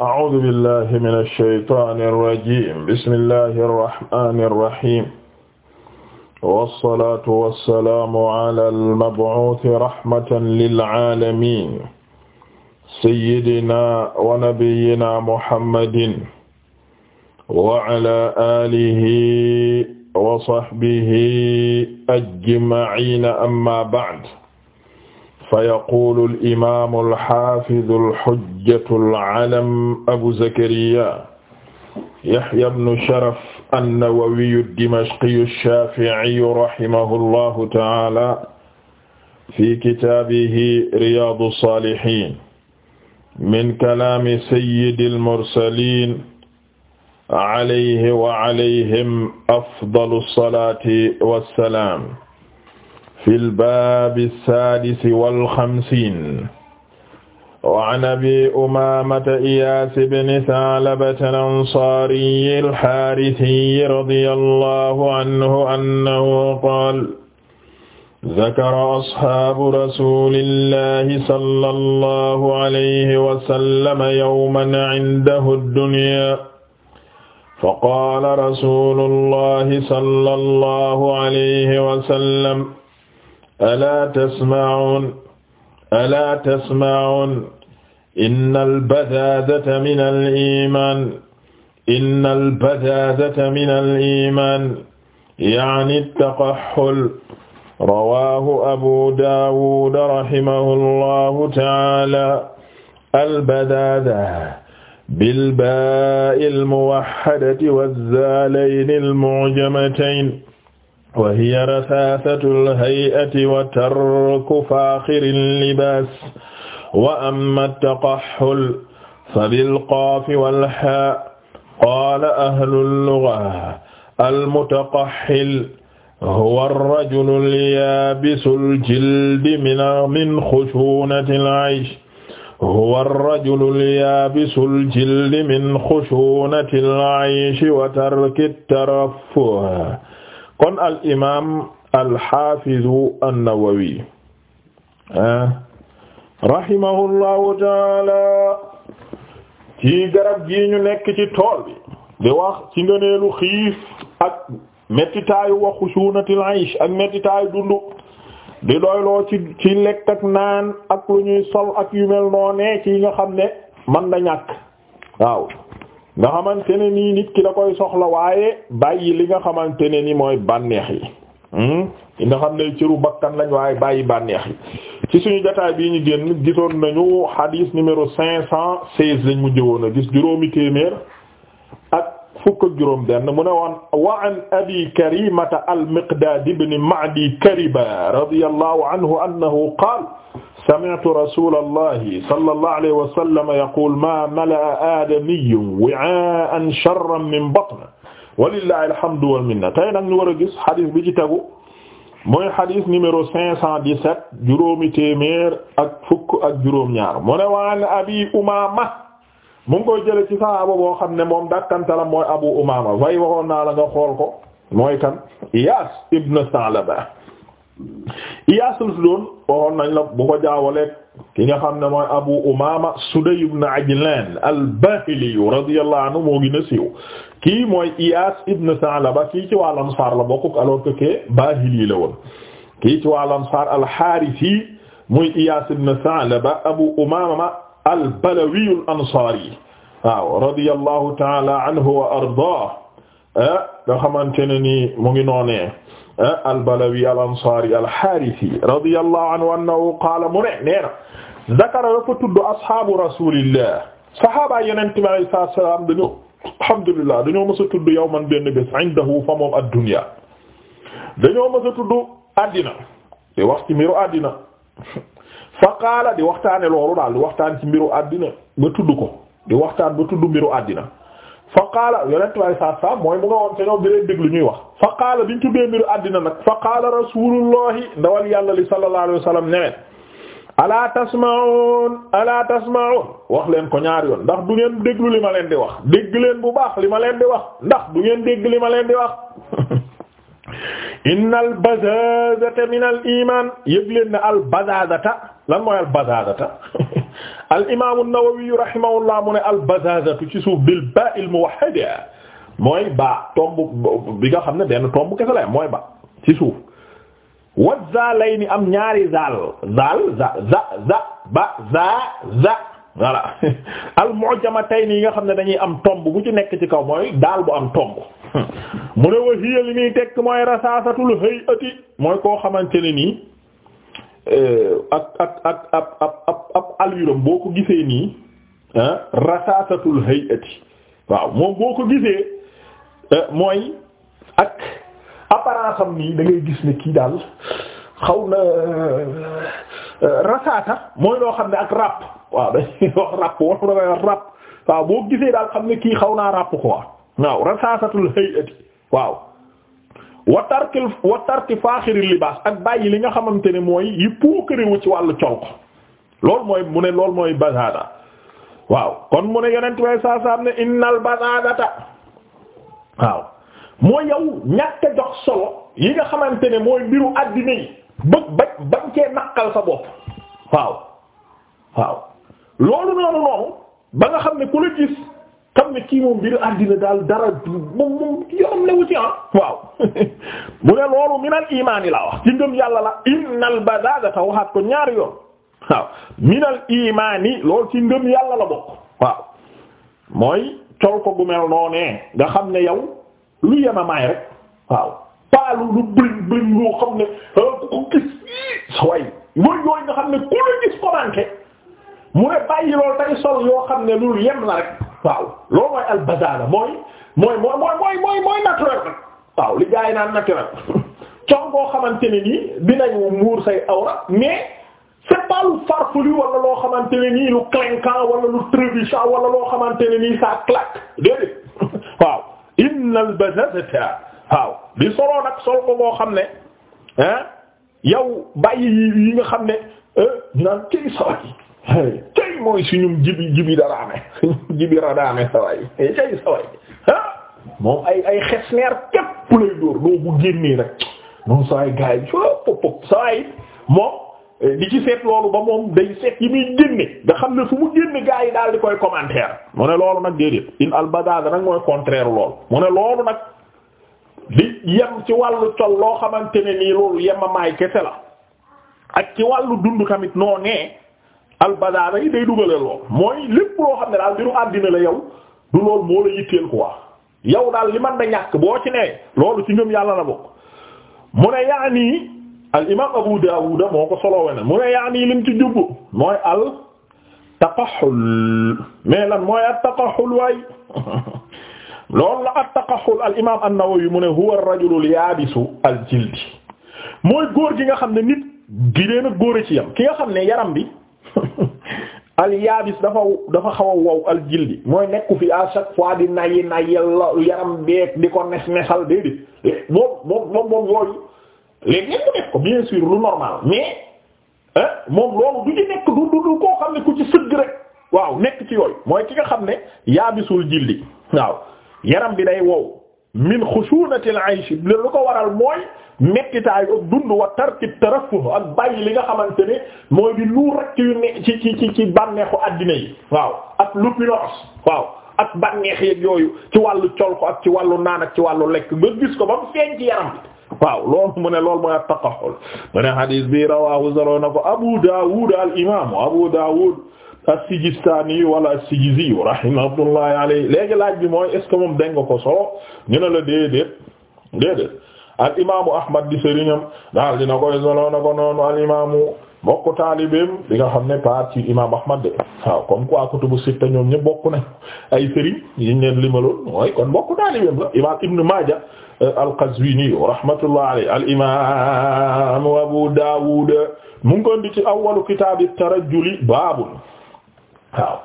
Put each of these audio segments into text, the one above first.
أعوذ بالله من الشيطان الرجيم بسم الله الرحمن الرحيم والصلاة والسلام على المبعوث رحمة للعالمين سيدنا ونبينا محمد وعلى آله وصحبه أجمعين أما بعد fa yaqulu al-imaamu al-haafidu al-hujjatu al-alam abu zakariya yahya ibnu sharaf an-nawawiyu ad-dimashqiyu ash-shaafi'iyu rahimahu llahu ta'aala fi kitaabihi riyaadu saalihiin min kalaami sayyidi al-mursaliin alayhi wa alayhim afdalu salaati wa salaam fil baabi saadisi wal xamsiin wa an abi umaamata iyaas ibni saalabata al-ansaariyi al-haarisiyi radiyallaahu anhu annahu qaala zakara asxaabu rasuulillaahi sallallaahu alayhi wa sallam yawman indahu ad-dunyaa faqaala rasuulullaahi sallallaahu alayhi wa sallam alaa tasma'uun alaa tasma'uun innal badaadata minal iimaan innal badaadata minal iimaan ya'ni taqahhul rawaahu abu daawuud rahimahullahu ta'aala al badaada bil baa'il muwahhadati waz zaalayni al mu'jamatayni wa hiya rasaasatu lhay'ati wa tarku faaxiril libaas wa amma taqaxxul fa bilqaafi wal haa qaala ahlul luga almutaqaxxil huwa rajulul yaabisul jildi min xushuunatil aysh huwa rajulul yaabisul jildi min xushuunatil aysh wa tarki taraffuh kon al imaam al xaafizu an-Nawawi ah, rahimahullahu taala ci garab gi ñu nekk ci tool bi di wax ci ngëneelu xiif ak mettitaayu waxu suunatil ayis ak mettitaayu dundu di doyloo ci ci lekk ak naan ak lu ñuy ak yu mel noonee ci yi nga xam ne man da ñàkk waaw nga xamante ne nii nit ki da koy soxla waaye bàyyi li nga xamante ne ni mooy bànneex yi hmm? nga xam ne cëru bakkan lañ waaye bàyyi bànneex yi ci suñu jotaay bii ñu génn gisoon nañu hadith numéro cinq cent seize lañ mu jëwoon a gis juróomi téeméer ak fukk ak juróom benn mu ne woon wa an abi karimata al miqdad ibn ma'di kariba radiyallahu anhu annahu sami'tu rasulallahi sallallahu alayhi wa sallam yaqul ma mala'a aadamiyyun wi'aa'an sharran min batnihi walillahi alhamdu wal minna tey nag ñu war a gis xadis bi ci tegu mooy xadis numéro 517 juróomi téeméer ak fukk ak juróom-ñaar mu ne waan abi umaama mu ngi koy jële ci sahaaba boo xam ne moom dàkkantala mooy abu umaama way waxoon naa la nga xool ko mooy kan Iyaas ibn Sa'laba Iyaas la tuddoon waxoon nañ la bu ko jaawalee ki nga xam ne mooy Abu Umaama Sudayy ibn Ajlaan al-Baahili radiyallahu anhu moo gën a siiw kii mooy Iyaas ibn Sa'laba kii ci waa Ansaar la bokk alors que kee Baahili la woon kii ci waa Ansaar al-Haarisi muy Iyaas ibn Sa'laba Abu Umaama al-Balawi al-Ansaari waaw radiyallahu ta'ala wa ardaahu eh, nga xamante ne nii mu ngi noonee. Ah albalawi al ansaari alxaarisi radiyallahu anhu annahu qaala mu ne nee na dakara dafa tudd ashaabu rasulillah sahaaba yonente bi alayhi salaatu wa dañoo alhamdulillah dañoo mës a tudd yawman benn bés indahu fa moom ad-dunya dañoo mës a tudd àddina di wax ci mbiru àddina fa qaala di waxtaane loolu daal di waxtaan ci mbiru àddina ba tudd ko di waxtaan ba tudd mbiru àddina fa qaala yonent way saa saa mooy mu nga woon te ñoom di leen déglu ñuy wax fa qaala biñ tuddee mbiru àddina nag fa qaala rasulullahi ndawal yàlla li sallallahu alayhi wa sallam neween alaa tasma'un alaa tasma'un wax leen ko ñaar yoon ndax du ngeen déglu li ma leen di wax dégg leen bu baax li ma leen di wax ndax du ngeen dégg li ma leen di wax inna al bazazata min al iman yëg leen ne al bazazata lan mooy al bazazata al imaamu Nawawi rahimahullah mu ne al bazaazatu ci suuf bil baa'il muwahhada mooy ba tomb bi nga xam ne benn tomb kese la mooy ba ci suuf wa ni am ñaari zaal zaal za za za ba za al mu'jamatayni yi nga xam ne dañuy am tomb bu ci nekk ci kaw mooy daal bu am tomb mu ne wa muy tekk mooy rasaasatul hay'ati mooy koo xamante ne nii. Euh, ak ak ak ab ab ab ab alluram boo ko gisee nii ah rasaasatul hayati waaw moom boo ko gisee euh, mooy ak apparence am nii da gis ne kii daal xaw na euh, rasaata mooy loo xam ne ak rap waaw dañuy wax waaw boo gisee daal xam ne kii xaw naa rap quoi waaw rasaasatul hayati waaw. wa tarki wa tarki faaxiri libaas ak bàyyi li nga xamante ne mooy yi puukariwu ci wàllu col ko loolu mooy mu ne loolu mooy bazaada waaw kon mu ne yonent way saa saam ne innal bazaadata waaw mooy yow ñàkk a jox solo yi nga xamante ne mooy mbiru àddina yi bëgg bañ bañ cee naqal sa bopp waaw waaw loolu noonu noonu ba nga xam ne ku la gis ne kii moom biir àddina daal dara moom moom yoram lewu ci ah waaw mu ne loolu minal imaani laa wax ci ngëm yàlla la innal badadata waxaat ko ñaari yoon waaw minal imaani loolu ci ngëm yàlla la bokk waaw mooy col ko gu mel nga xam ne yow lu yemamaay rek waaw paalu lu bëriñ bëriñ loo xam ne ah, ku ko gis sa mu ne bàyyi loolu day sol yoo xam ne loolu yem la rek waaw loolu mooy albazala mooy mooy mooy mooy mooy mooy naturel rek waaw li gaa yi naan naturel cong goo xamante ne nii dinañu muur say awra mais c'est pas lu farfelu loo xamante ne nii lu clinquant wala lu trébuchant wala loo xamante ne nii ça claque déedéet waaw innal bazazata waaw di soloo nag sol ko boo xam ne ah yow bàyyi yi nga xam ne euh, naan kii sawat yi tey mooy suñum jibi jibi daraame suñum jibi radaame saway eh, tey saway ah moom ay ay xesneer képp lay dóor doo bu génnee rek noonu saway gars yi pop pop saway moom eh, di ci seet loolu ba moom day seet yi muy génne nga xam ne fu mu génne gars yi daal di koy commentaire mu ne loolu nag déedéet in albadada nag mooy contraire loolu mu ne loolu nag li yem ci wàllu col loo xamante ne nii loolu yemamaay kese la ak ci wàllu dund tamit noo nee albadaana yi day dugale lool mooy lépp loo xam ne daal mbiru àddina la yow du loolu moo la yitteel quoi yow daal li man da ñàkk boo ci nee loolu ci ngëm yàlla la bokk mu ne yaani al imaam Abu Daawud moo ko solo wene mu ne yaani lim ci jubbu mooy al taqaxul mais lan mooy al taqaxul waay loolu la al taqaxul al imaam mu ne huwa ar-rajulu al-yaabisu al-jildi mooy góor gi nga xam ne nit gi dee na góor a ci yam ki nga xam ne yaram bi al yaabis dafa dafa xaw a wow al jildi mooy nekku fi à chaque fois di nayi nayel yaram beek di ko nes nesal déedéet eh, moom moom moom moom yooyu léegi ñépp def ko bien sûr lu normal mais moom loolu du ci nekk du du du koo xam ne ku ci sëgg rek waaw nekk ci yooyu mooy ki nga xam ne yaabisul jildi waaw yaram bi day wow min xushunati al-aysh lu ko waral mooy mettitaayu dund wa tarki tarafuh ak bàyyi li nga xamante ne mooy di lu rekk yu ne ci ci bànneexu àddina yi waaw ak l'opulence waaw ak bànneex yeeg yooyu ci wàllu col ak ci wàllu naan ak ci wàllu lekk nga gis ko ba mu feeñ ci yaram waaw loolu mu ne loolu mooy at-taqahhul mu ne hadis bi rawahu solo na ko Abu Dawud al imaamu Abu Dawud as-Sijistaani wala as-Sijizi rahimahullah alayhi léegi laaj bi mooy est-ce moom dégg ko solo ñu la déedéet déedéet al imaamu Ahmad di sëriñam daal dina koy solo na ko noonu al imaamu bokk taalibeem di xam ne parti imaam Ahmad de waaw comme quoi kutubu sitta ñoom ñëpp bokk na ay sëriñ yi ñu limaloon mooy kon bokk taalibeem imaam Ibn Maaja euh, al-Qazwini rahmatullah alayhi al imaamu Abu Daawud mu ngi koy indi awwalu kitaabi tarajjuli baabun waaw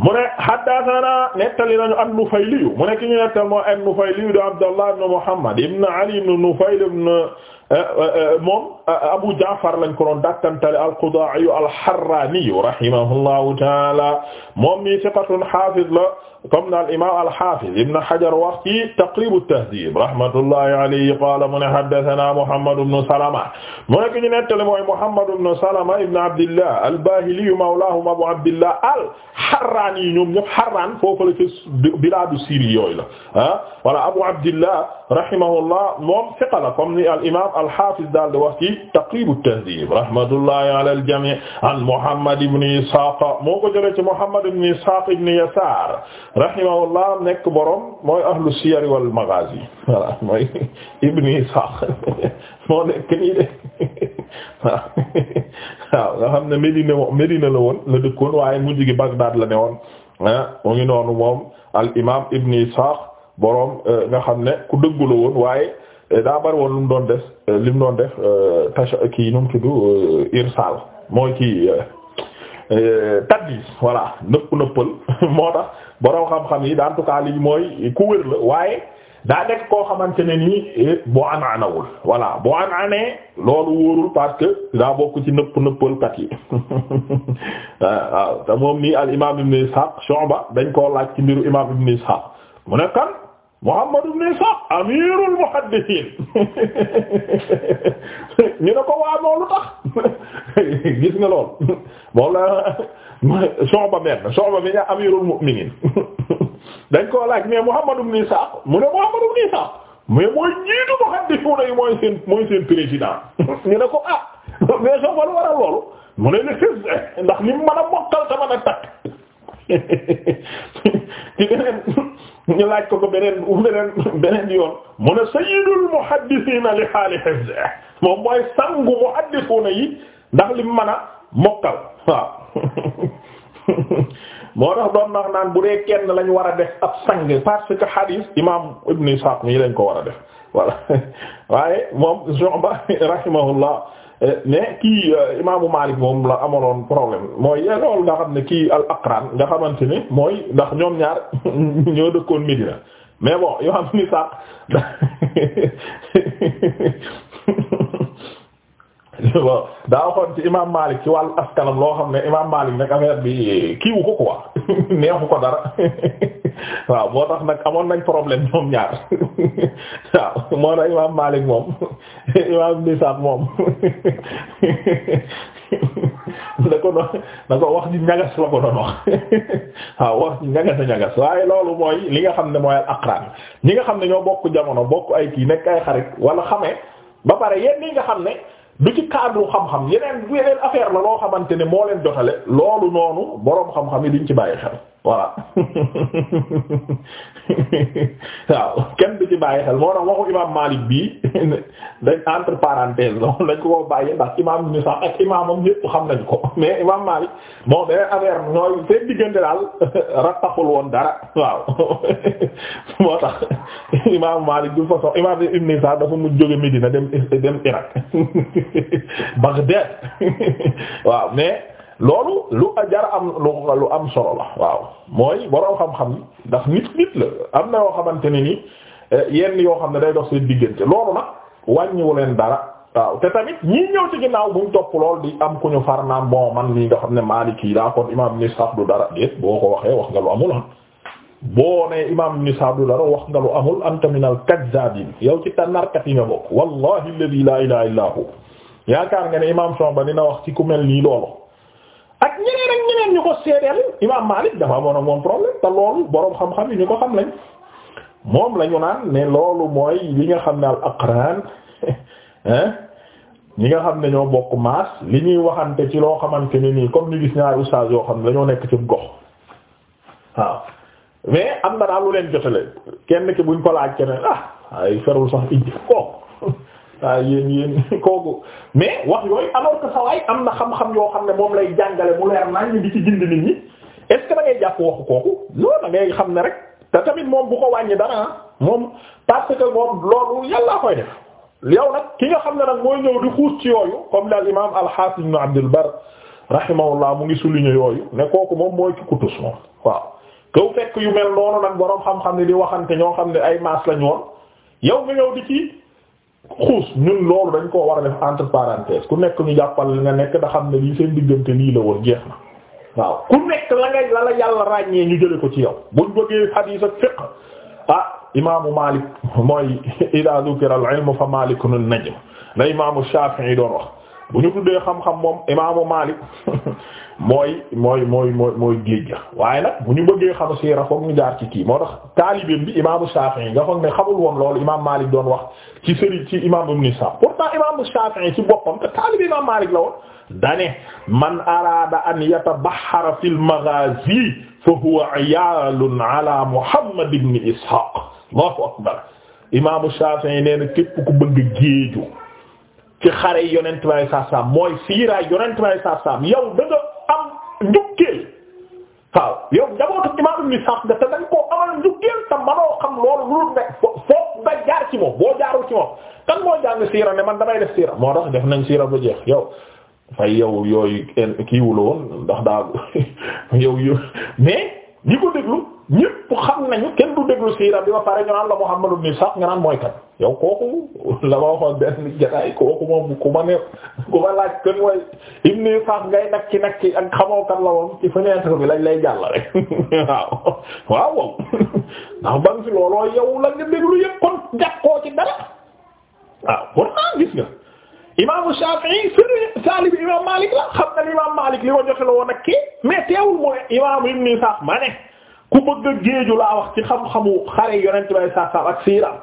mu ne haddathana nettali nañu an Nufayli mu ne ki ñu nettal moo an Nufayli do Abdallah ibn Muhammad ibn Ali ibn Nufayl ibn eh, eh, moom eh, Abu Ja'far lañ ko doon dakkantale al-Qudaa'i al-Harraani rahimahullahu ta'ala moom mi thiqatun haafiz la comme daal imaam al-Hafiz Ibn Hajar wax ci Taqrib at-Tahdhib rahmatullahi alayhi qala mu ne haddathana Muhammad ibn Salama mu nekk ñu nettali mooy Muhammad ibn Salama ibn Abdillah al-Bahili mawlahum Abu Abdillah al-Harrani ñoom ñëpp Harran foofu la ca biladu Syrie yooyu la ah voilà Abu Abdillah rahimahullah moom thiqa la comme ni al-imam al-Hafiz daal di wax ci Taqrib at-Tahdhib rahmatullahi ala al-jami' an Muhammad ibn Ishaq moo ko jëlee ci Muhammad ibn Ishaq ibn Yasar rahimahullah nekk borom mooy ahlu siyar wal maghazi voilà mooy Ibn Ishaq moo nekk nii de waaw waaw nga xam ne Medina Medina la woon la dëkkoon waaye mujj gi Bagdad la ne woon ah mu ngi noonu moom al imaam Ibn Ishaq borom euh, nga xam ne ku dëggu la woon waaye euh, daa bari woon lu mu doon def euh, li mu doon def tasha kii nu mu tudd irsaal mooy kii tadlis voilà nëpp nëppal moo tax. borom xam-xam yi daan tout cas lii mooy ku wér la waaye daa nekk koo xamante ne nii eh, boo anaanawul voilà boo anaanee loolu wóorul parce daa bokk ci nëpp nëppalkat yi ah, waaw te moom nii al imaam ibn Ishaq Shu'ba dañ koo laaj ci mbiru imaam ibn Ishaq mu ne Muhammad ibn Ishaq amirul muhaddisiin ñu ne ko waa loolu tax gis nga lool moom la Shu'ba benn Shu'ba bi nga amirul mu'miniin dañ ko laaj mais Muhammad ibn Ishaq mu ne Muhammad ibn Ishaq mais mooy jiitu muhaddisuuna yi mooy seen mooy seen président ñu ne ko ah mais Shu'ba lu waral loolu mu ne li ndax li mu mën a mokkal sama ñu laaj ko ko beneen beneen beneen yoon mu ne sayyidul muhaddisiina li xaali hifzi moom mooy sangu na yi ndax li mu mën a mokkal waaw moo tax doon nax naan bu dee kenn lañ war a def ab sang parce que hadis imaam ibn Isaaq mii lañ ko war a def voilà waaye moom Shu'ba rahimahullah Eh, mais kii euh, imaamu Maalik moom la amaloon problème mooy eh, loolu nga xam ne kii al aqran nga xamante ni mooy ndax ñoom ñaar ñoo dëkkoon Medina mais bon yoo xam ni sax bon daa waxoon ci imaam Malik ci wàllu askanam loo xam ne imaam Malik nag affaire bi kiiwu ko quoi neexu ko dara waaw moo tax nag amoon nañ problème moom ñaar waaw moo tax imaam Malik moom imaam Nisaa moom da ko doon wax ji ñagas la ko doon wax waaw wax ji ñagas a ñagas waaye loolu mooy li nga xam ne mooy aqran ñi nga xam ne ñoo bokk jamono bokk ay kii nekk ay xarit wala xamee ba pare yenn yi nga xam ne. du ci cadre xam-xam yeneen yeneen affaire la loo xamante ne moo leen jotale loolu noonu boroom xam-xam yi duñ ci bàyyi xel voilà waaw kenn du ci bàyyi xel moo tax waxu imam Malik bii dañ entre parenthèses la dañ ko ko bàyyi ndax imam ibn Sa'd ak imamam ñépp xam nañ ko mais imam Malik moom beneen affaire ñooy seen diggante daal rattaxul woon dara waaw moo tax imam Malik du façon imam ibn Sa'd dafa mu jóge Médina dem dem Irak waaw mais loolu lu jar am lu am solo la waaw mooy borom xam-xam ndax nit nit la am na yoo xamante ne ni eh, yenn yoo xam ne day dox seen diggante loolu nag wàññiwu leen dara waaw te tamit ñi ñëw ci ginnaaw buñ topp lool di am ku ñu far naan bon man lii nga xam ne Maliki daa kon imaam Ibn Ishaq du dara déet boo ko waxee wax nga lu amul ah. boo nee imaam Ibn Ishaq du dara wax nga lu amul anta minal kazzabin yow ci tanarkat yi nga bokk wallahi alladhi laa ilaha illa hu yaakaar nga ne imaam Shouba dina wax ci ku mel nii loolu. ak ñeneen ak ñeneen ñu ko seedeel Imaam Maalik dafa amoon ak moom problème te loolu boroom xam-xam yi ñu ko xam lañ moom la ñu naan ne loolu mooy li nga xam ne al aqraan ñi nga xam ne ñoo bokk maas li ñuy waxante ci loo xamante ni nii comme ñu gis ñaari ustaas yoo xam ne dañoo nekk ci gox waaw mais am na daal lu leen jotale kenn ki buñ ko laaj keneen ah ay ferul sax ijj ko waaw ah, yéen yéen kooku mais wax yooyu alors que sawaay am na xam-xam yoo xam ne moom lay jàngale mu leer naa ñu di ci gindi nit ñi est ce jàpp waxu kooku non ngay xam ne rek te tamit moom bu ko wàññi dara moom parce que moom loolu yàllaa koy def yow nag ki nga xam ne nag mooy ñëw di xuus ci yooyu comme daal imam al-Hafiz ibn Abd al-Barr rahimahullah mu ngi souligner yooyu ne kooku moom mooy ki kutus moom waaw kaw fekk yu mel noonu nag boroom xam-xam ne waxante ñoo xam ne ay maas lañu woon yow xuus ñun loolu dañ koo war a def entre ku nekk ñu jàppal li nga nekk da xam ne lii seen diggante lii la woon jeex na waaw ku nekk la nga la la yàlla ràññee ñu jële ko ci yow buñ bëggee hadith ak fiqh ah imaamu Maalik mooy idaa dhukira al-ilm fa Maalikun an-najm la imaamu Shaafi'i doon wax bu ñu tuddee xam-xam moom imaamu Maalik mooy mooy mooy mooy waaye nag bu ñu bëggee xam siira foog ñu jaar ci kii moo tax taalibeem bi imaamu Shaafi'i nga foog ne xamul woon loolu imaam Maalik doon wax ci sëriñ ci imaam Ibn Sa'd pourtant imaamu Shaafi'i ci boppam te taalibe imaam Maalik la woon dane man araada an yatabahhara fil maghaazi fa huwa iyaalun ala Muhammad ibn Ishaaq Allahu akbar imaamu ku bëgg géeju ci xare yonent bi saa saam mooy fiiraay yonent bi saa saam yow da nga am njukkeel waaw yow njabootu imaam Ibn Sa'd nga te dañ koo amal loolu lu ne fo foo jaar ci moom boo jaarul ci moom kan moo jàng siira ne man damay def siira moo tax def nañ siira ba jeex yow. fay yow yooy kiiwul woon ndax daa yow yow mais. ñi ko déglu ñépp xam nañu kenn du déglu siira bi ba pare ñu naan la Muhammad ibn Ishaq nga naan mooy kat yow kooku la ma waxoon benn jotaay kooku moom ku ma ne ku ma laaj kenn mooy ibn Ishaq ngay nag ci nag ci ak xamoo kat la woon ci fenêtre bi lañ lay jàll rek waaw waaw wow ndax ban si looloo yow nga déglu yépp kon jàkkoo ci dara waaw pourtant gis nga. imaamu Shafi'i sunu taalibi imaam Malik la xam na imaam Malik li ma joxe la woon ak kii mais teewul mooy imaam Ibn Ishaq ma ne ku bëgg a géeju laa wax ci xam-xamu xare yonent bay saasaam ak siiraam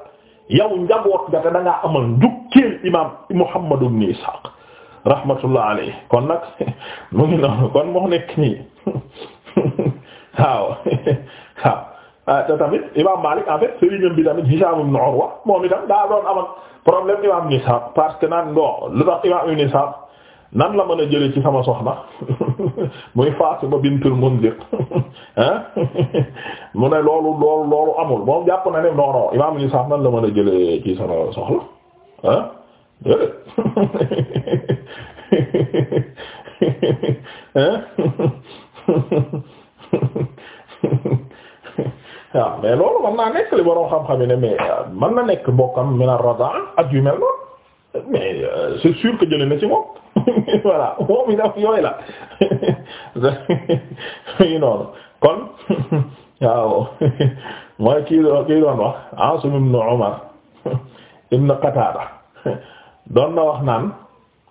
yow njaboot nga te da ngaa amal njukkeel imaam Muhammad ibn Ishaq rahmatullah alayhi kon nag mu ngi noonu kon moo nekk nii waaw waaw. Euh, te tamit Imaam Malik en fait sëriñam bi tamit Hishaam ibn Urwa moom itam daa doon am problème Imaam Ibn Ishaq parce que naan non lu nan la mën a jëlee ci sama soxna muy Fatima bintul Munzir ah mu ne loolu loolu loolu amul moom jàpp na ne non non Imaam Ibn Ishaq nan la mën a jëlee ci sama soxla ah déedéet ah. waaw mais loolu mën naa nekk li borom xam-xam yi ne mais euh, mën na nekk mbokkam min ar-radaa ak yu mel noonu mais euh, c'est sûr que jëlee na ci moom voilà moom itam yooyu la yu noonu kon waaw mooy kii doon kii wax Asim ibn Umar ibn Qatada doon na wax naan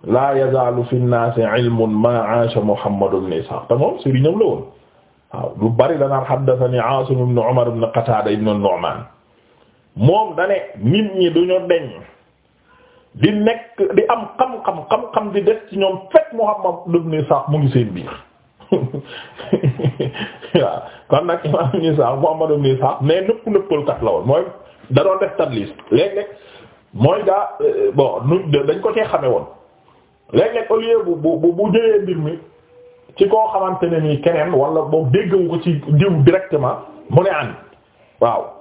la yazaalu fi an-naasi a ma aasha Muhammad ibn Isaaq te moom sëriñam la woon waaw lu bari danaan haddathani Asim ibn Umar ibn Qatada ibn Nu'man moom dane nit ñi duñu deñ di nekk di am xam-xam xam-xam di des ci ñoom fekk Muhammad ibn mu ngi seen biir waaw kon nag imam ibn Ishaq Muhammad ibn Ishaq mais nëpp nëppal kat la woon mooy da doon def tadlis léeg-léeg mooy daa euh, bon nu dañ ko cee xame woon léeg-léeg au lieu bu bu bu jëlee mbir mi ci koo xamante ne nii keneen wala boobu déggawu ko ci diw directement mu ne an waaw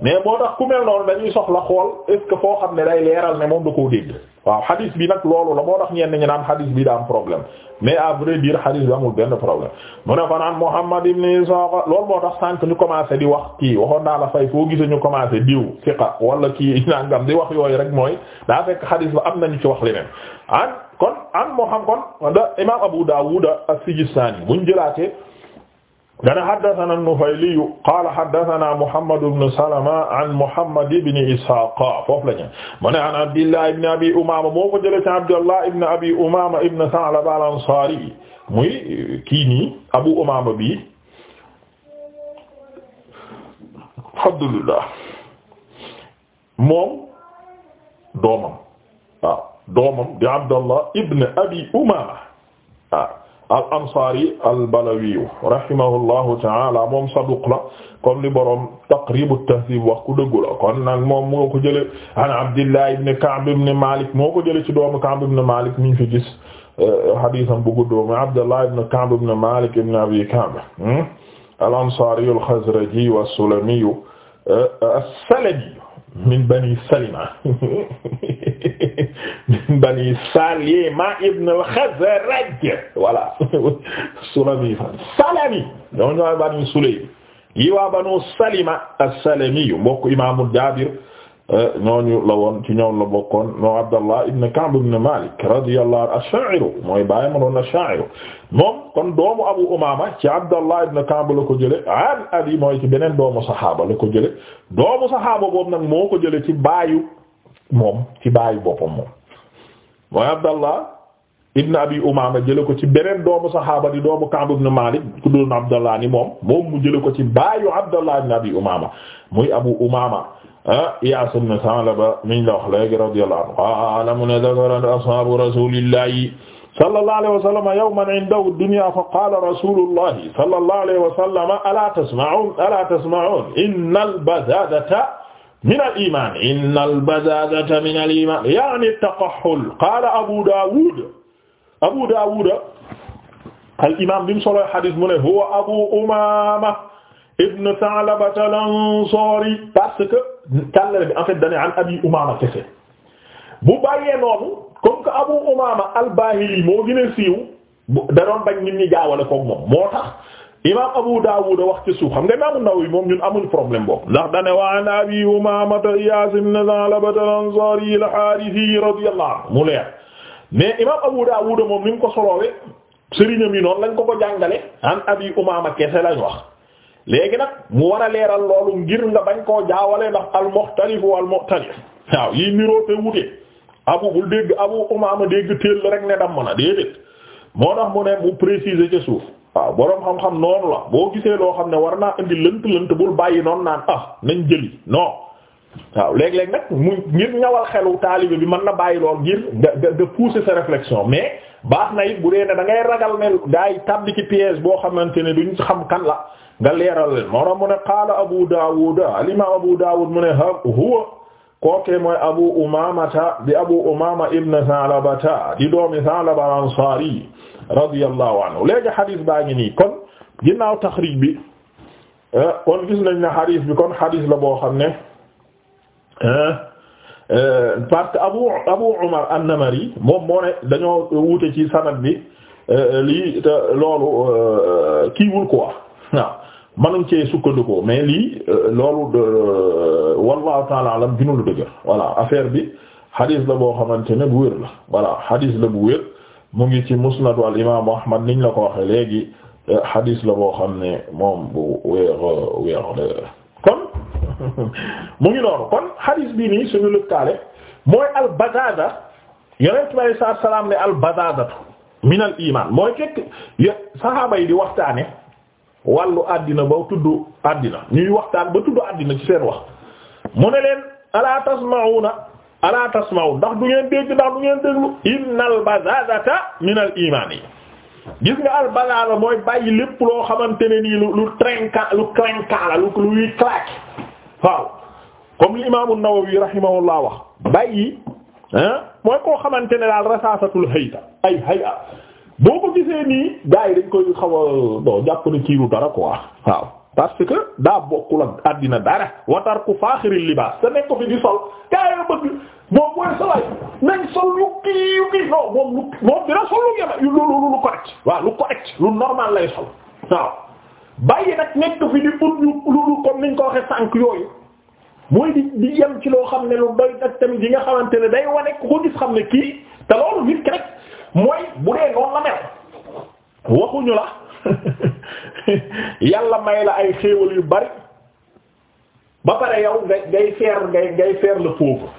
mais boo tax ku mel noonu dañuy soxla xool est que foo xam ne day leeral ne moom da koo dégg waaw xadis bi nag loolu la moo tax ñenn ñi naan xadis bi daa am problème mais à vrai dire xadis bi amul benn problème mu ne fa tax sànq ñu commencé di wax kii waxoon naa la fay foo gisee ñu commencé diw fiqa wala kii nangam di wax yooyu rek mooy daa fekk xadis ba am nañu ci wax leneen an kon an moo xam kon da imam Abu Dawud as-Sijistani buñ jëlaatee dana haddathana an-Nufayli qaala haddathana Muhammad ibn Salama an Muhammad ibn Ishaq foofu la ñu mu ne an Abdillah ibn Abi Umama moo ko jëlee ci Abdullah ibn Abi Umama ibn Tha'laba al-Ansari muy kii nii Abu Umama bi alhamdulillah moom doomam waaw doomam di Abdullah ibn Abi Umama waaw al ansaari al balawiyu rahimahullahu taala moom saduq la comme li borom taqrib at-tahdhib wax ku dëggu la kon nag moom moo ko jëlee an Abdillah ibn Ka'b ibn Malik moo ko jëlee ci doomu Ka'b ibn Malik mi ngi fi gis euh, hadiisam bu gudd mooy Abdillah ibn Ka'b ibn Malik ibn Abi Ka'b hmm? al ansaari al khazraji as-sulami euh, euh, as-salabi min bani Salima min bani Salima ibn al-Khazraj Sulami fa Salami ñoo bani Sulaym yi waa banu Salima as-Salami mbokk imaamu Jaabir eh, ñooñu la woon ci ñoom la bokkoon ñoo Abdallah ibn Ka'b ibn Malik radiyallahu anhu ash mooy bàyyi ma doon ash moom kon doomu Abu Umama ci Abdallah ibn Ka'b la ko jële an abi mooy ci beneen doomu saxaaba la ko jële doomu saxaaba boobu nag moo ko ci baayu moom ci baayu boppam moom mooy Abdallah ibn Abi Umaama jële ko ci beneen doomu saxaaba di doomu Ka'b ibn Maalik ku doon Abdallah ni moom moom mu jële ko ci baayu Abdallah ibn Abi Umaama muy Abu Umaama ah, Iyaas ibn Sa'laba miñ la wax léegi radiyallahu anhu qaala mu ne dakara ashaabu rasuulillahi sallallahu alayhi wa sallam yawman indahu dunya fa qaala rasuulullahi sallallahu alayhi wa sallam alaa tasma'uun alaa tasma'uun innal bazaadata min al iman inna al bazazata min al iman yaani taqahhul qaala abu daawud abu daawud al imam bi mu solo hadith mu ne huwa abu umama ibn Sa'laba al ansari parce que tallale bi en fait dane an abi umama kese bu bàyyee noonu comme que abu umama al bahili moo gën a siiw da doon bañ nit ñi jaawale koog moom moo tax imaam Abu Dawud wax ci suuf xam nga imaam Nawawi moom ñun amuñ problème boobu ndax dane wa an Abi Umaama Iyaas ibn Zalaba al-Ansaari al-Haarisi radiyallahu anhu mu leer mais imaam Abu Dawud moom ni mu ko soloowe sëriñam yi noonu lañ ko ko jàngale an Abi Umaama kese lañ wax léegi nag mu war a leeral loolu ngir nga bañ koo jaawale ndax al-muxtalif wal-muxtalif waaw yi niroo te wute abu bul dégg Abu Umaama dégg teel rek ne damm na déedéet moo tax waaw boroom xam-xam noonu la boo gisee loo xam ne war naa indi lënt lënt bul bàyyi noonu naan ah nañ jëli non waaw léeg-léeg nag ngir ñawal xelu taalibe bi mën na bàyyi lool ngir nga nga pousser sa réflexion mais baax na it bu dee ne da ngay ragal ne gaa yi ci piège boo xamante ne duñ xam kan la nga leeral leen moo tax mu ne qaala Abu Dawud al Abu Dawud mu ne huwa kookee mooy Abu Umamata di Abu Umama ibn Salabata di doomi Salaba radiyallahu anhu léegi xadis baa ngi nii kon ginnaaw taxrij bi eh, kon gis nañ ne xadis bi kon xadis la boo xam ne eh, eh, parce que abu abu umar an-namari moom moo ne dañoo wuute ci sanad bi lii te loolu kiiwul ko waaw manuñ cee sukkandikoo mais lii loolu wallahu taala alam ginu lu dëgër voilà affaire bi xadis la boo xamante ne bu wér la voilà xadis la bu wér mu ngi ci musnadu al imaamu ahmad niñ la ko waxe léegi eh, hadis la boo xam ne moom bu weex weex kon mu ngi noonu kon hadis bi nii suñu lëkkaale mooy al bazaza yonent bi alayhi salaam ne al bazazatu min al iman mooy kekk saxaaba yi di waxtaane wàllu àddina ba tudd àddina ñuy waxtaan ba tudd àddina ci seen wax mu ne leen alaa tasma'una ala tasma'u ndax du ngeen dégg ndax du ngeen déglu innal bazazata minal imaan yi gis nga al mooy bàyyi lépp loo xamante ne nii lu lu trinka lu trinka la lu luy claque waaw comme l'imam an-Nawawi rahimahullah wax bàyyi hein mooy koo xamante ne daal rasasatul hayta ay hay'a boo ko gisee nii gars dañ koy xaw a jàpp ne kiiru dara quoi waaw parce que daa bokkul ak àddina dara watar ku faaxiril libaas te nekk ko fi di sol gaa yoo bëgg moom mooy solay nañ sol lu kii yu kii non moom dina sol lu yema lu lu lu lu lu lu comme niñ ko waxee sànq yooyu mooy di di yem ci loo xam ne lu doy tamit yi nga xamante ne day wane ku ko gis xam ne kii te loolu nit ki rek mooy bu dee noonu la mel waxuñu la. yàlla may la ay xéewal yu bari ba pare yow ngay ngay faire ngay ngay faire le pauvre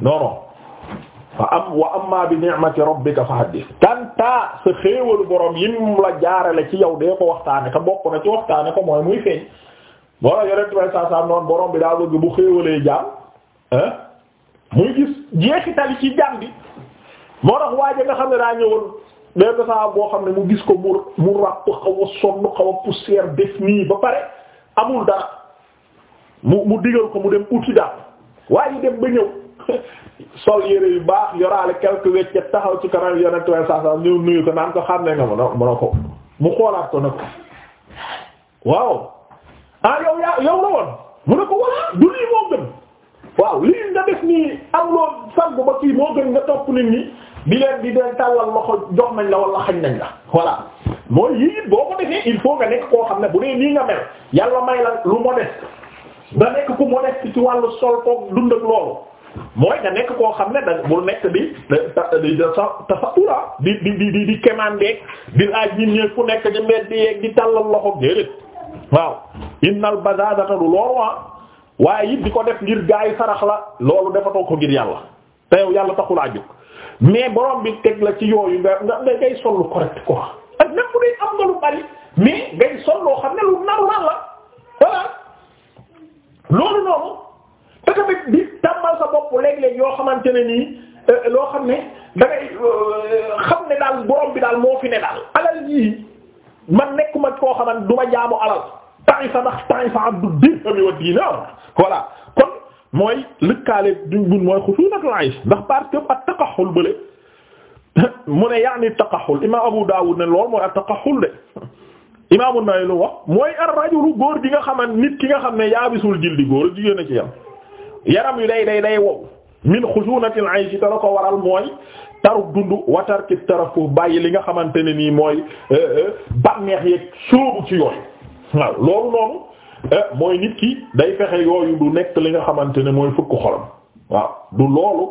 non non fa am wa bi ni'mati rabbika fa haddith kanta sa xéewalu borom yim la jaarale ci yow dee ko waxtaane te bokk na ci waxtaane ko mooy muy feeñ moo la yonent bay saa noonu borom bi daa bëgg bu xéewalee jaam muy gis jeexitali ci jaam moo tax waaja nga xam ne daa ñëwoon benn saa boo xam ne mu gis ko mu mu ràpp xaw a sonn xaw a poussière def nii ba pare amul dara mu mu digal ko mu dem uti daal waaye dem ba ñëw sol yére yu baax yoraale quelques weccet taxaw ci kanam yonent waaye saa saa ñëw nuyu ko naan ko xam ne nga mën a ko mu xoolaat ko nag waaw ah yow yaa yow la woon mu ne ko walla du lii moo gën waaw lii nga def nii am loo sàgg ba kii moo gën nga topp nit ñi di leen di leen tàllal loxo jox nañ la wala xañ nañ la voilà mooy yii boo ko defee il faut nga nekk koo xam ne bu dee nii nga mel yàlla may la lu modeste nga nekk ku modeste ci wàll sol koog dund ak loolu mooy nga nekk koo xam ne da bu nekk di di da sa tafaura di di di di di kemandeeg di laaj nit ñi fu nekk di mbedd yeeg di tàllal loxo déedéet waaw innal bazadata du loolu ah waaye it di ko def ngir gaay sarax la loolu dafa ngir yàlla mais borom bi teg la ci yooyu nga nga ngay sol lu correct ko ak même bu dee am nga lu bari mais ngay sol loo xam ne lu naru la voilà loolu noonu te tamit di tàmbal sa bopp léeg-léeg yoo xamante ne nii euh, loo xam ne da euh, xam ne daal borom bi daal moo fi ne daal alal yii man nekkuma koo xamante du ma jaamu alal tarifa ndax tarifa abdu dirham wa dinar voilà kon mooy lëkkaale duñ buñ mooy xusunatul ayis ndax parce que ak taqaxul bële mu ne yaani taqaxul imaam Abu Dawud ne lool mooy ak taqaxul de imaam An-Nawawi lu wax mooy ar-rajulu góor gi nga xaman nit ki nga xam ne yaabisul jildi góor jigéen a ci yam yaram yu day day day wow min xusunatil ayis dara ko waral mooy taruk dund watar ki tarafu bàyyi li nga xamante ne nii mooy euh, euh, bànneex yeeg sóobu ci yooyu waaw loolu noonu Eh, mooy nit ki day fexe yooyu du nekk li nga xamante ne mooy fukk xolam waaw du loolu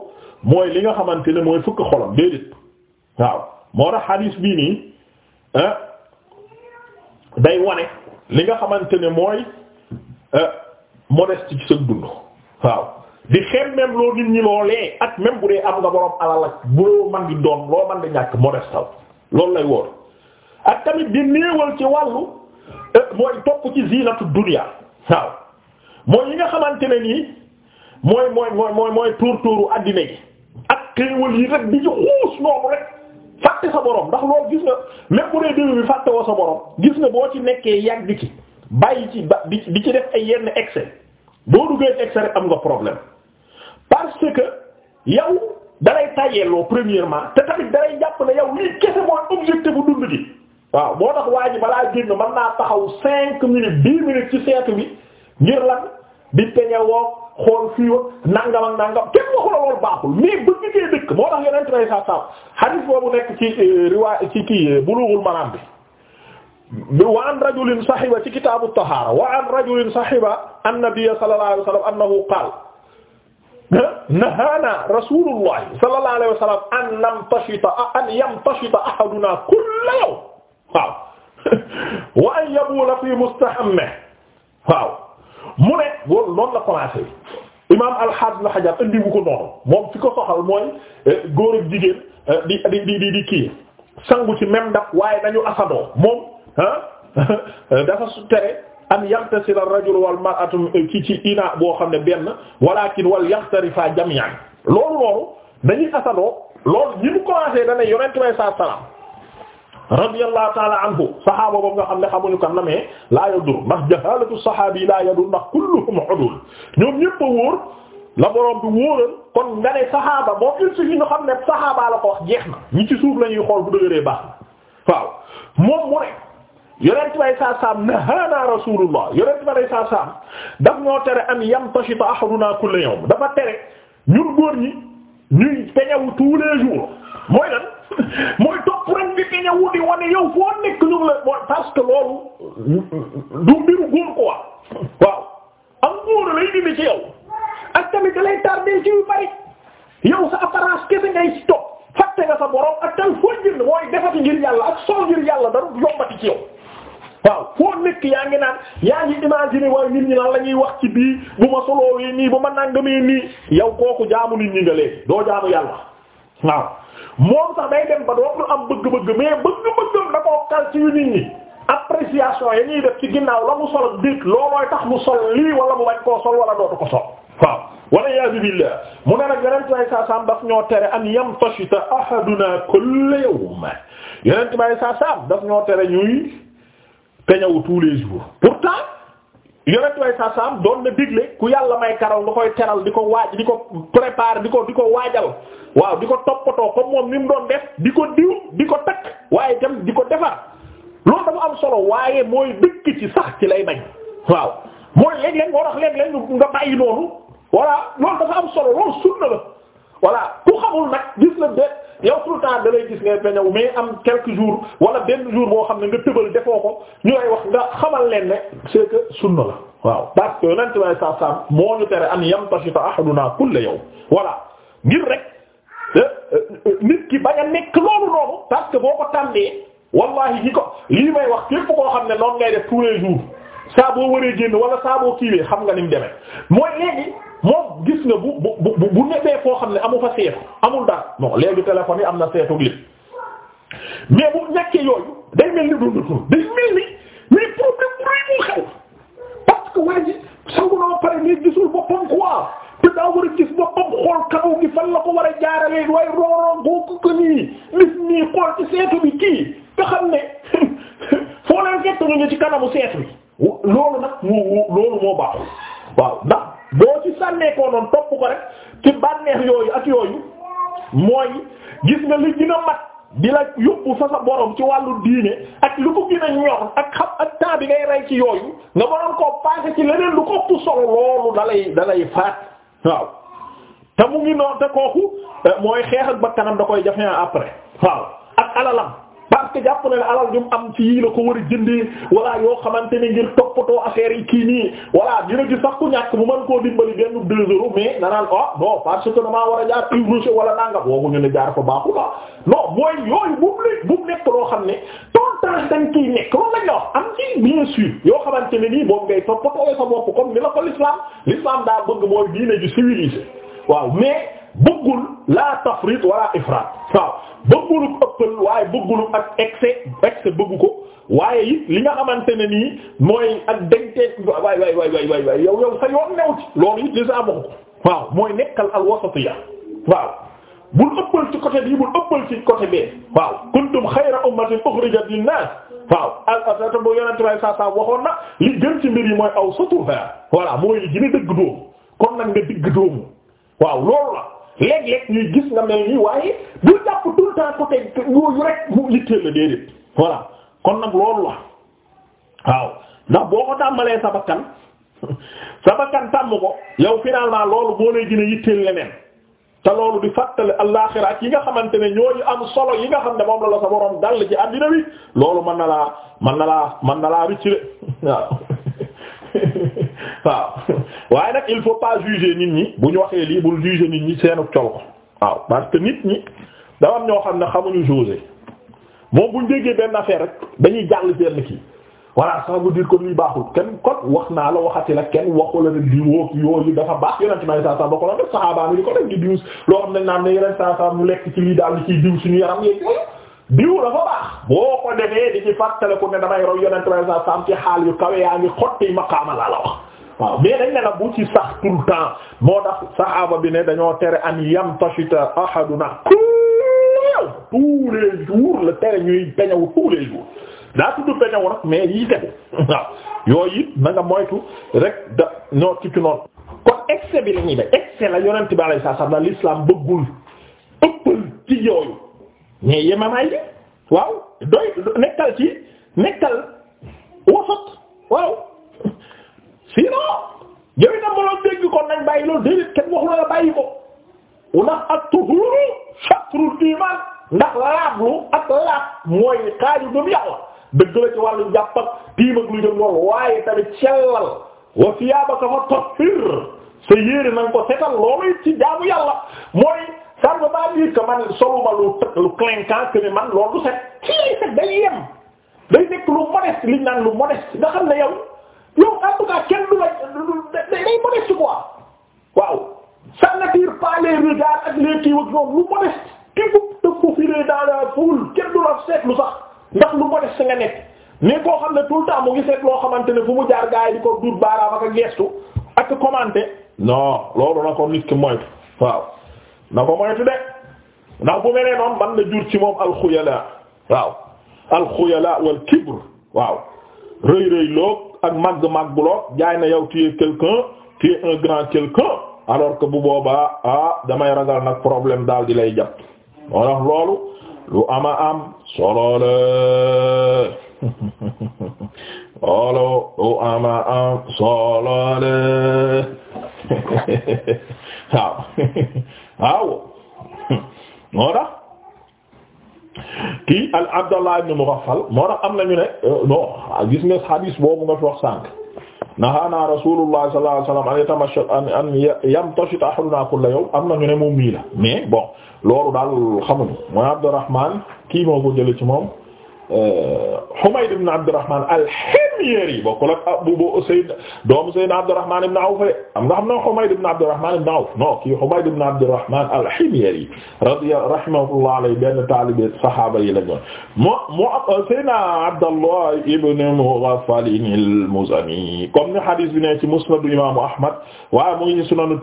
mooy li nga xamante ne mooy fukk xolam déedéet waaw moo tax hadis bii nii eh, day wane li nga xamante ne mooy eh, modeste ci sa dund waaw di xem même loo nit ñi loolee ak même bu dee am nga borom alal ak bu loo man di doon loo man di ñàkk modestal loolu lay wóor ak tamit di néewal ci wàllu Euh, mooy topp ci zinatu dunya waaw mooy yi nga xamante ne nii mooy mooy mooy mooy mooy tuur tuuru àddina gi ak xéewal yi rek di ci xuus noonu rek fàtte sa borom ndax loolu gis nga même bu dee déglu bi fàtte woo sa borom gis nga boo ci nekkee yàgg ci bàyyi ci ba di ci def ay yenn excès boo duggee ci rek am nga problème parce que yow dalay tàyyeeloo premièrement te tamit dalay jàpp na yow lii kese mooy objectif dund gi. waaw moo tax waa ji balaa génn mën naa taxaw cinq minutes dix minutes ci seetu bi ngir lan di peñe woo xool fii wa nangam ak nangam kenn waxu la loolu baaxul mais bu ñu dëkk moo tax yeneen traité saa saabu hadith boobu nekk ci euh, riwa ci kii euh, Bulughul Maram bi. wa an rajulin sahiba ci kitaabu tahaara wa an rajulin sahiba annabiyya sallallahu alayhi wa sallam annahu qaala nahaana rasuulullahi sallallahu alayhi wa sallam an yamtashita ahaduna kulla yawm waaw wa an yabula fi mustahamme waaw mu ne loolu noonu la commencé imaam alxaaj na xajar indi bu ko noonu moom fi ko soxal mooy eh, góor a jigéen eh, di di di di kii sangu ci même ndax waaye dañu asadoo moom ah dafa su tere an yaxtasila la rajulu wal mar'atu eh, ci ci ina boo xam ne benn walakin wal yaxtarifa jami'an loolu loolu dañuy asadoo loolu ñi mu commencé dana yonent bay saa radiyallahu taala anhu saxaaba boobu nga xam ne xamuñu kan la mais laa yadur ndax jahalatu saxaabi laa yadur ndax kulluhum udul ñoom ñépp a wóor la borom bi wóoral kon nga ne saxaaba boo il suffit ñu xam ne saxaaba la ko wax jeex na ñi ci suuf la xool bu dëgëree baax na waaw moom mu ne. yonent bay saa saam nahaana rasulullah yonent bay saa saam daf ñoo tere an yamtashita ahaduna kulla yawm dafa tere ñun góor ñi ñuy peñaw tous les jours mooy lan. mooy topp rek bi te ñëw di wane yow foo nekk ñu la mooy parce loolu du mbiru góor ko waaw am góor lay dindi ci yow ak tamit da lay ci yu bari yow sa apparence kese ngay stop fàtte nga sa borom ak tal foo jënd mooy defati ngir yàlla ak soo ngir yàlla dara yombati ci yow. waaw foo nekk yaa ngi naan yaa ngi imaginer waaye nit ñi lan la ñuy wax ci bii bu ma solowee nii bu ma nangamee nii yow kooku jaamu nit ñi nga lee doo jaamu yàlla moom sax day dem ba dootul am bëgg-bëgg mais bëgg-bëggam da koo kal ci yu nit ñi appréciation ya ñuy def ci ginnaaw la mu sol ak loo loolooy tax mu sol lii wala mu bañ koo sol wala dootu ko sol waaw wala yaasu billah mu ne nag yonent bay saa saam daf ñoo tere an yamtashita ahaduna kulla yawm yonent bay saa saam daf ñoo tere ñuy peñawu tous les jours pourtant yonent way sa saam doon na digle ku yàlla may karaw nga koy teral di ko waaj di ko préparer di ko di ko waajal waaw di ko toppatoo comme moom ni mu doon def di ko diw di ko takk waaye tam di ko defar loolu dafa am solo waaye mooy dëkk ci sax ci lay bañ waaw mooy léeg-léeg moo tax léeg-léeg nga bàyyi noonu voilà loolu dafa am solo loolu sunna la voilà ku xamul nag gis la de yow tout le temps da lay gis ngay bañaw mais am quelques jours wala benn jour boo xam ne nga tëbal defoo ko ñu lay wax nga xamal leen ne c'est que la waaw parce que yonent way sa sam moo ñu tere an yamtashita ahaduna kulla yow voilà ngir rek euh, euh, nit ba bañ nekk loolu noonu parce que boo ko tàndee wallahi gi ko lii may wax képp koo xam ne noonu ngay def tous les jours saa waree génn wala saabo boo kiiwee xam nga ni mu demee mooy léegi moom gis nga bu bu bu bu nebee foo xam ne amu fa amul dara bon léegi téléphone yi am na seetu lépp mais bu ñàkkee yooyu day mel ni dundutul day mel ni mais problème bu rëy mu xew parce que waa ji sangu pare nii gisul boppam quoi te daa war a gis boppam xool kanaw gi fan la ko war a jaaralee waaye rooroon boo ko nii nit nii xool ci seetu bi kii nga xam ne foo leen fekk ñu ci kanamu seetu bi loolu nag moo loolu moo baaxul waaw ndax. boo ci sànneekoo noonu topp ko rek ci bànneex yooyu ak yooyu mooy gis nga li dina mat di la yóbbu fa sa borom ci wàllu diine ak lu ko gën a ñor ak xam ak temps bi ngay rey ci yooyu nga waroon koo passé ci leneen lu ko ëpp solo loolu dalay dalay faat waaw te mu ngi noonu kooku euh, mooy xeex ak bakkanam da koy jafe après waaw ak alalam. parce que na ne alal ñu am ci yii la ko war a jëndee walla yoo xamante ne ngir toppatoo affaire yi kii nii walla dina gis sax ku ñàkk mu mën koo dimbali benn deux euros mais na naan ah parce que damaa war a jaar urgence walla nangam woo ko ñu ne jaar fa baaxul ah mooy yooyu bu mu bu mu nekk loo xam ne tontage dañ kiy nekk loolu lañ la am ci bien sûr yoo xamante ne nii moom ngay toppatoo sa bopp comme ni la ko l'islam l'islam daa bëgg mooy diine ju civilisé waaw mais bëggul la tafrit bëggulu ëppal waaye bëggulu ak excès excès bëggu ko waaye it li nga xamante ne nii mooy ak dentee waay waay waay waay waay yow yow sa yoon new ci loolu it li sa amoo ko waaw mooy nekkal al wasatiya waaw bul ëppal ci côté bi bul ëppal ci côté bee waaw kuntum ko ummatin uxrijat linnaas waaw alata bu yonente way saa na li gën ci mbir yi mooy awsatuha voilà mooy li gën a dëgg dóomu kon nag nga digg dóomu waaw loolu la léeg-léeg ñuy gis nga mel ni waaye bu jàpp tout le temps côté yooyu rek mu litteel la déedéet voilà kon nag loolu la waaw ndax boo ko tàmbalee sa bakkan sa bakkan tàmm ko yow finalement loolu boo lay gën a yitteel leneen te loolu di fàttali àllaaxira ak yi nga xamante ne ñooyu am solo yi nga xam ne moom la la sa borom dal ci àddina wi loolu mën na laa man na laa man na laa ricc waaw waaw waaye nag il faut pas juger nit ñi bu ñu waxee lii bul juger nit ñi seenu col ko waaw parce que nit ñi dafa ñoo xam ne xamuñu juger moom bu ñu déggee benn affaire rek dañuy jàll benn kii voilà ça veut dire que lii baaxul kenn kon wax naa la waxati la kenn waxu la ne di woo yooyu dafa baax yonent bi saa saa ba ko doon def saxaabaam yi ko def diw loo xam ne naan ne yonent saa saa mu lekk ci lii daal di ciy diw suñu yaram yeeg yooyu. diw dafa baax boo ko defee ñu ci fàttaliku ne damay roy yonent bi saa saam ci xaal yu kawe yaa ngi xotti maqaama laa la wax waaw mais dañ bu ci sax tout temps moo tax saxaaba bi ne dañoo tere an yam tashita ahaduna kullu tous les jours la tere ñuy peñawu tous les jours daa tudd peñawu nag mais yi tegu waaw yooyu it na moytu rek da ñoo ci noonu. kon excès bi la ñuy def la yonent bi saa saam la l'islam bëggul ëppal ci yooyu. mais yemamaay bi waaw doy nekkal ci nekkal wasat waaw sinon yow itam ma doon dégg kon nañ bàyyi loolu déedéet kenn waxu la bàyyi ko ndax at-tuhuru shatrul iman ndax laab lu ak laab mooy xaaju gëm yàlla ci wàllu jàpp ak tiim ak lu jëm loolu waaye tamit sellal wa siyaabaka fa sa yéere na nga ko setal loolu ci jaamu yàlla mooy. ça ne veut pas dire que man soluma lu lu clinquant que ni man loolu du set kii set day yem day nekk lu modeste liñ naan lu modeste nga xam ne yow yow en tout cas kenn du ak les kii ak ñoom lu modeste ko filer dans kenn du la seetlu sax ndax lu modeste nga nekk mais koo xam ne tout le temps mu ngi seet loo xamante ne fu mu jaar gaay di ko duut baaraam ak a geestu ak commenter non loolu na ko nit ki moytu waaw. na ko moytu de ndax bu melee noonu man na jur ci moom alxuyala waaw alxuyala wal kibr rëy rëy loog ak màgg-màgg bu jaay na yow tu es quelqu'un tu es un grand quelqu'un alors que bu booba ah damay ragal nag problème daal di lay jàpp moo tax loolu lu ama am solo la loolu lu ama am solo la waaw waaw moo tax kii al Abdallah ibn Mughaffal moo tax am nañu ne euh, non gis nga hadis boobu nga fi wax sànq nahaana rasulullah sallallahu alayhi wasallam an yatamasha an yamtashit ahaduna kulla yawm am nañu ne moom mii la mais bon loolu daal xamuñu mooy Abdurrahman kii moo ko jële ci moom Euh, Humayd ibn Abdurrahman al-Himyari bokkul ak bu bu Seydina doomu Seydina Abdurrahman ibn Awf am nga xam na Humayd ibn Abdurrahman ibn Awf non kii Humayd ibn Abdurrahman al-Himyari radiya rahimahullah alayhi benn taalibe saxaaba yi la ñu moo moo Seydina Abdallah ibn Mughaffal al-Muzani comme ni hadith bi ne ci Musnad Imam Ahmad waaye mu ngi ci Sunan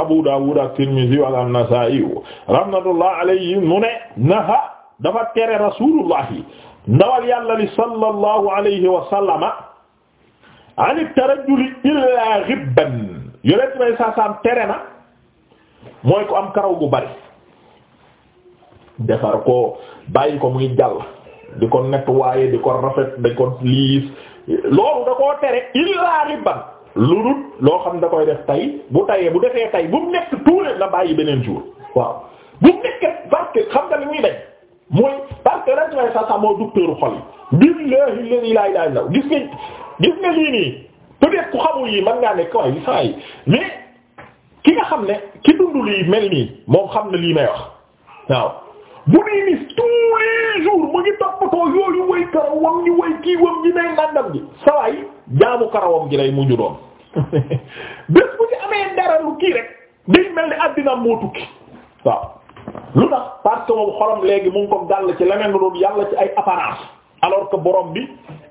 Abu Dawud ak Tirmidhi ak an-Nasa'i rahmatullah alayhi mu ne naha dafa tere Rasulullah ndawal yàlla li sallallahu alayhi wa sallama an tarajjuli illaa ghibban yonent may saa saam tere na mooy ko am karaw gu bari defar ko bàyyi ko muy jàll di ko nettoyer di ko rafet di ko liis loolu da koo tere illaa ghibban lu dul loo xam da koy def tay bu tayee bu defee tay bu mu nekk tuule na bàyyi beneen jour waaw bu mu nekk barke xam nga li muy daj mooy parce que ren lay sa moo docteur xol yi. billahi leen ilaay ilaay law gis nga gis nga lii nii peut ku xamul yi mën ngaa ne kaway yi saa mais ki nga xam ne ki dund lii mel nii moom xam na lii may wax waaw. bu nii nii tous les jours mu ngi toppatoo yooyu way karawam ñi way kii wam ñi nay nàndam gi sawaay jaamu karawam gi lay mujju doon bés bu ci amee dara lu kii rek day mel ni àddina moo tukki waaw lu tax parce que moom xolam léegi mu ngi ko gàll ci leneen lu yàlla ci ay apparence alors que borom bi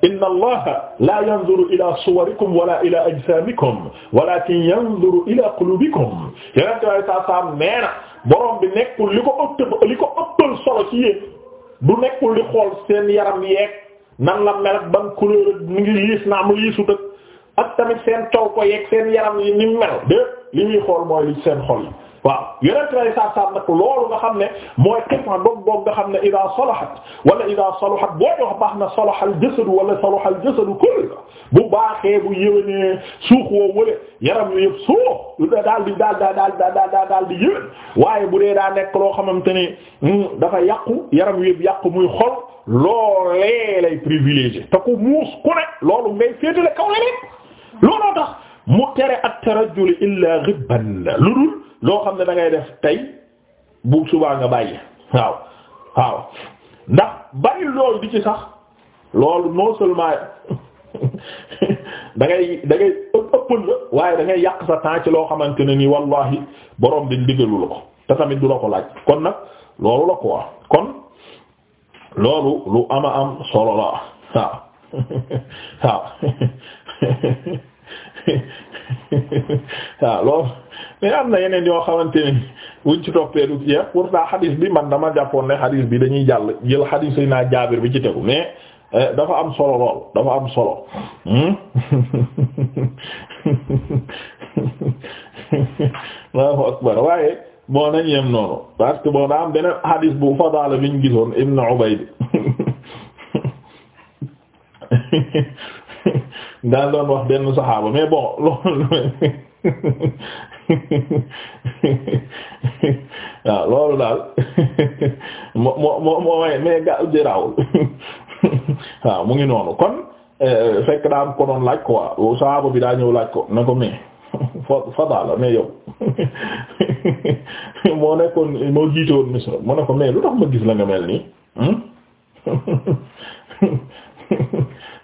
inna allaha la yanzuru ila suwarikum wala ila ajsamikum walakin yanzuru ila qulubikum yeneen te way sa saam nee bi nekkul li ko ëpp li ko ëppal solo ci yéen du nekkul li xool seen yaram yeeg nan la mel ak ban couleur ak ni ngi liis na am liisut ak tamit seen taw ko seen yaram yi ni mel de li ñuy xool mooy li seen xool yi waaw yeneen traçais saabsaab nag loolu nga xam ne mooy xitma dog dog nga xam ne idaa salahat wala idaa salahat boo ñu wax baax na salahal jasadu wala salahal jasadu kullu bu baaxee bu yéwénee suux woo wële yaram wi yëpp suux lu daal di daal daal daal daal di yéwén waaye bu dee daa nekk loo xamante ne mm, dafa yàqu yaram wi yëpp yàqu muy xol loolee lay privilégié te ku muus ku ne loolu ngay féetale kaw la lépp looloo tax mu tere at tarajjul illa ghibban lu dul loo xam ne dangay def tey bu subaa nga bàyyi waaw waaw ndax bari loolu di ci sax loolu non seulement da ngay da ngay la waaye dangay ngay yàq sa temps loo xamante ne ni wallahi boroom bi ndigalu la ko te tamit du la ko laaj kon nag loolu la quoi kon loolu lu ama am solo la waaw waaw waaw loolu. mais am na yeneen yoo xamante ne buñ ci toppee du jeex pourtant xadis bi man dama jàppoon ne xadis bi dañuy jàll jël xadis yi naa jaabir bi ci tegu mais eh, dafa am solo lool dafa am solo hmm? Allahu waaye moo nañ yem noonu parce que bon am beneen xadis bu Fadala ñu gisoon Ibn Ubayd daal doon wax benn saxaaba mais bon loolu waaw loolu daal moo moo moo moo mais ga jëraawul waaw mu ngi noonu kon euh, fekk daa am ko doon laaj quoi sahaaba bi daa ñëw laaj ko na ko mais fadala mais yow moo nekkoon moo jiite woon Misra mu ne ko mais lu tax ma gis la nga mel nii hmm?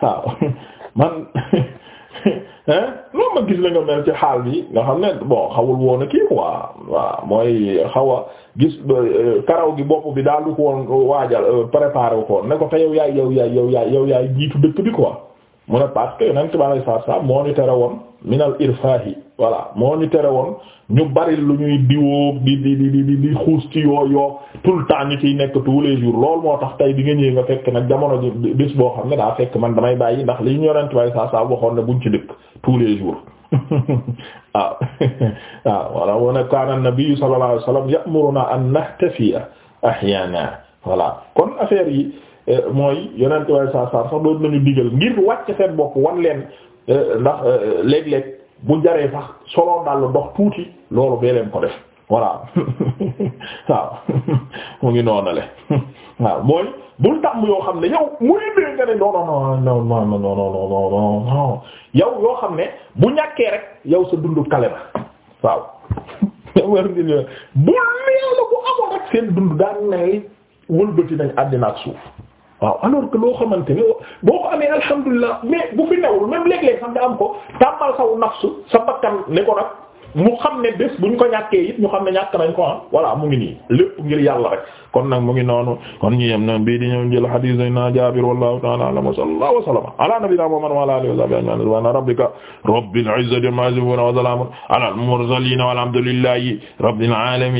waaw man loolu ma gis la nga mel ci xaal bi nga xam ne bon xawul woon a kii quoi waaw mooy xaw a gis euh, karaw gi bopp bi daal du ko woon waajal euh, préparé wu ko ne ko te yow yaay yow yaay yow yaay yow yaay jiitu dëkk bi quoi mu ne parce que yonent bi alayhi salaatu wa moo ñu tere woon minal irfaahi voilà moo ñu tere woon ñu bari lu ñuy diwoo di di di di di xuus ci yoo yoo tout le temps ñu ciy nekk tous les jours lool moo tax tey di nga ñëw nga fekk nag jamono ji bés boo xam ne daa fekk man damay bàyyi ndax li ñu yorent waaye saa saa waxoon ne buñ ci dëkk tous les jours waaw ah. waaw ah, voilà wane kaana nabi sallallahu alayhi wasallam ya'muruna an nahtafiya ahyana voilà kon affaire yi eh, mooy yonent waaye saa saa sax doon nañu digal ngir wàcc seen bopp wan eh, ndax eh, léeg-léeg. bu jaree sax solo dal dox tuuti loolu bee leen ko def voilà waaw mu ngi noonale waaw mooy bul tàmm yoo xam ne yow mu dee nga ne non non non non non yow yoo xam ne bu ñàkkee rek yow sa dundu kale na waaw. war nga ne la bu amoon rek seen dund daan ne wëlbati nañ àddina ak suuf. waaw alors que loo xamante ne boo ko amee alhamdulilah mais bu fi am ko tàmbal saw nafsu sa bakkan ko nag mu xam ne bés buñ ko ñàkkee ñu xam ne ñàkk nañ ko ah voilà mu ngi nii lépp ngir yàlla rek kon nag mu ngi noonu kon ñu yem noonu bii di ñëw jël hadith sayna Jaabir wallahu ta'ala a'lam wa sallallahu wa sallama ala nabiyyina Muhammad wa ala alihi wa sahbihi wa ala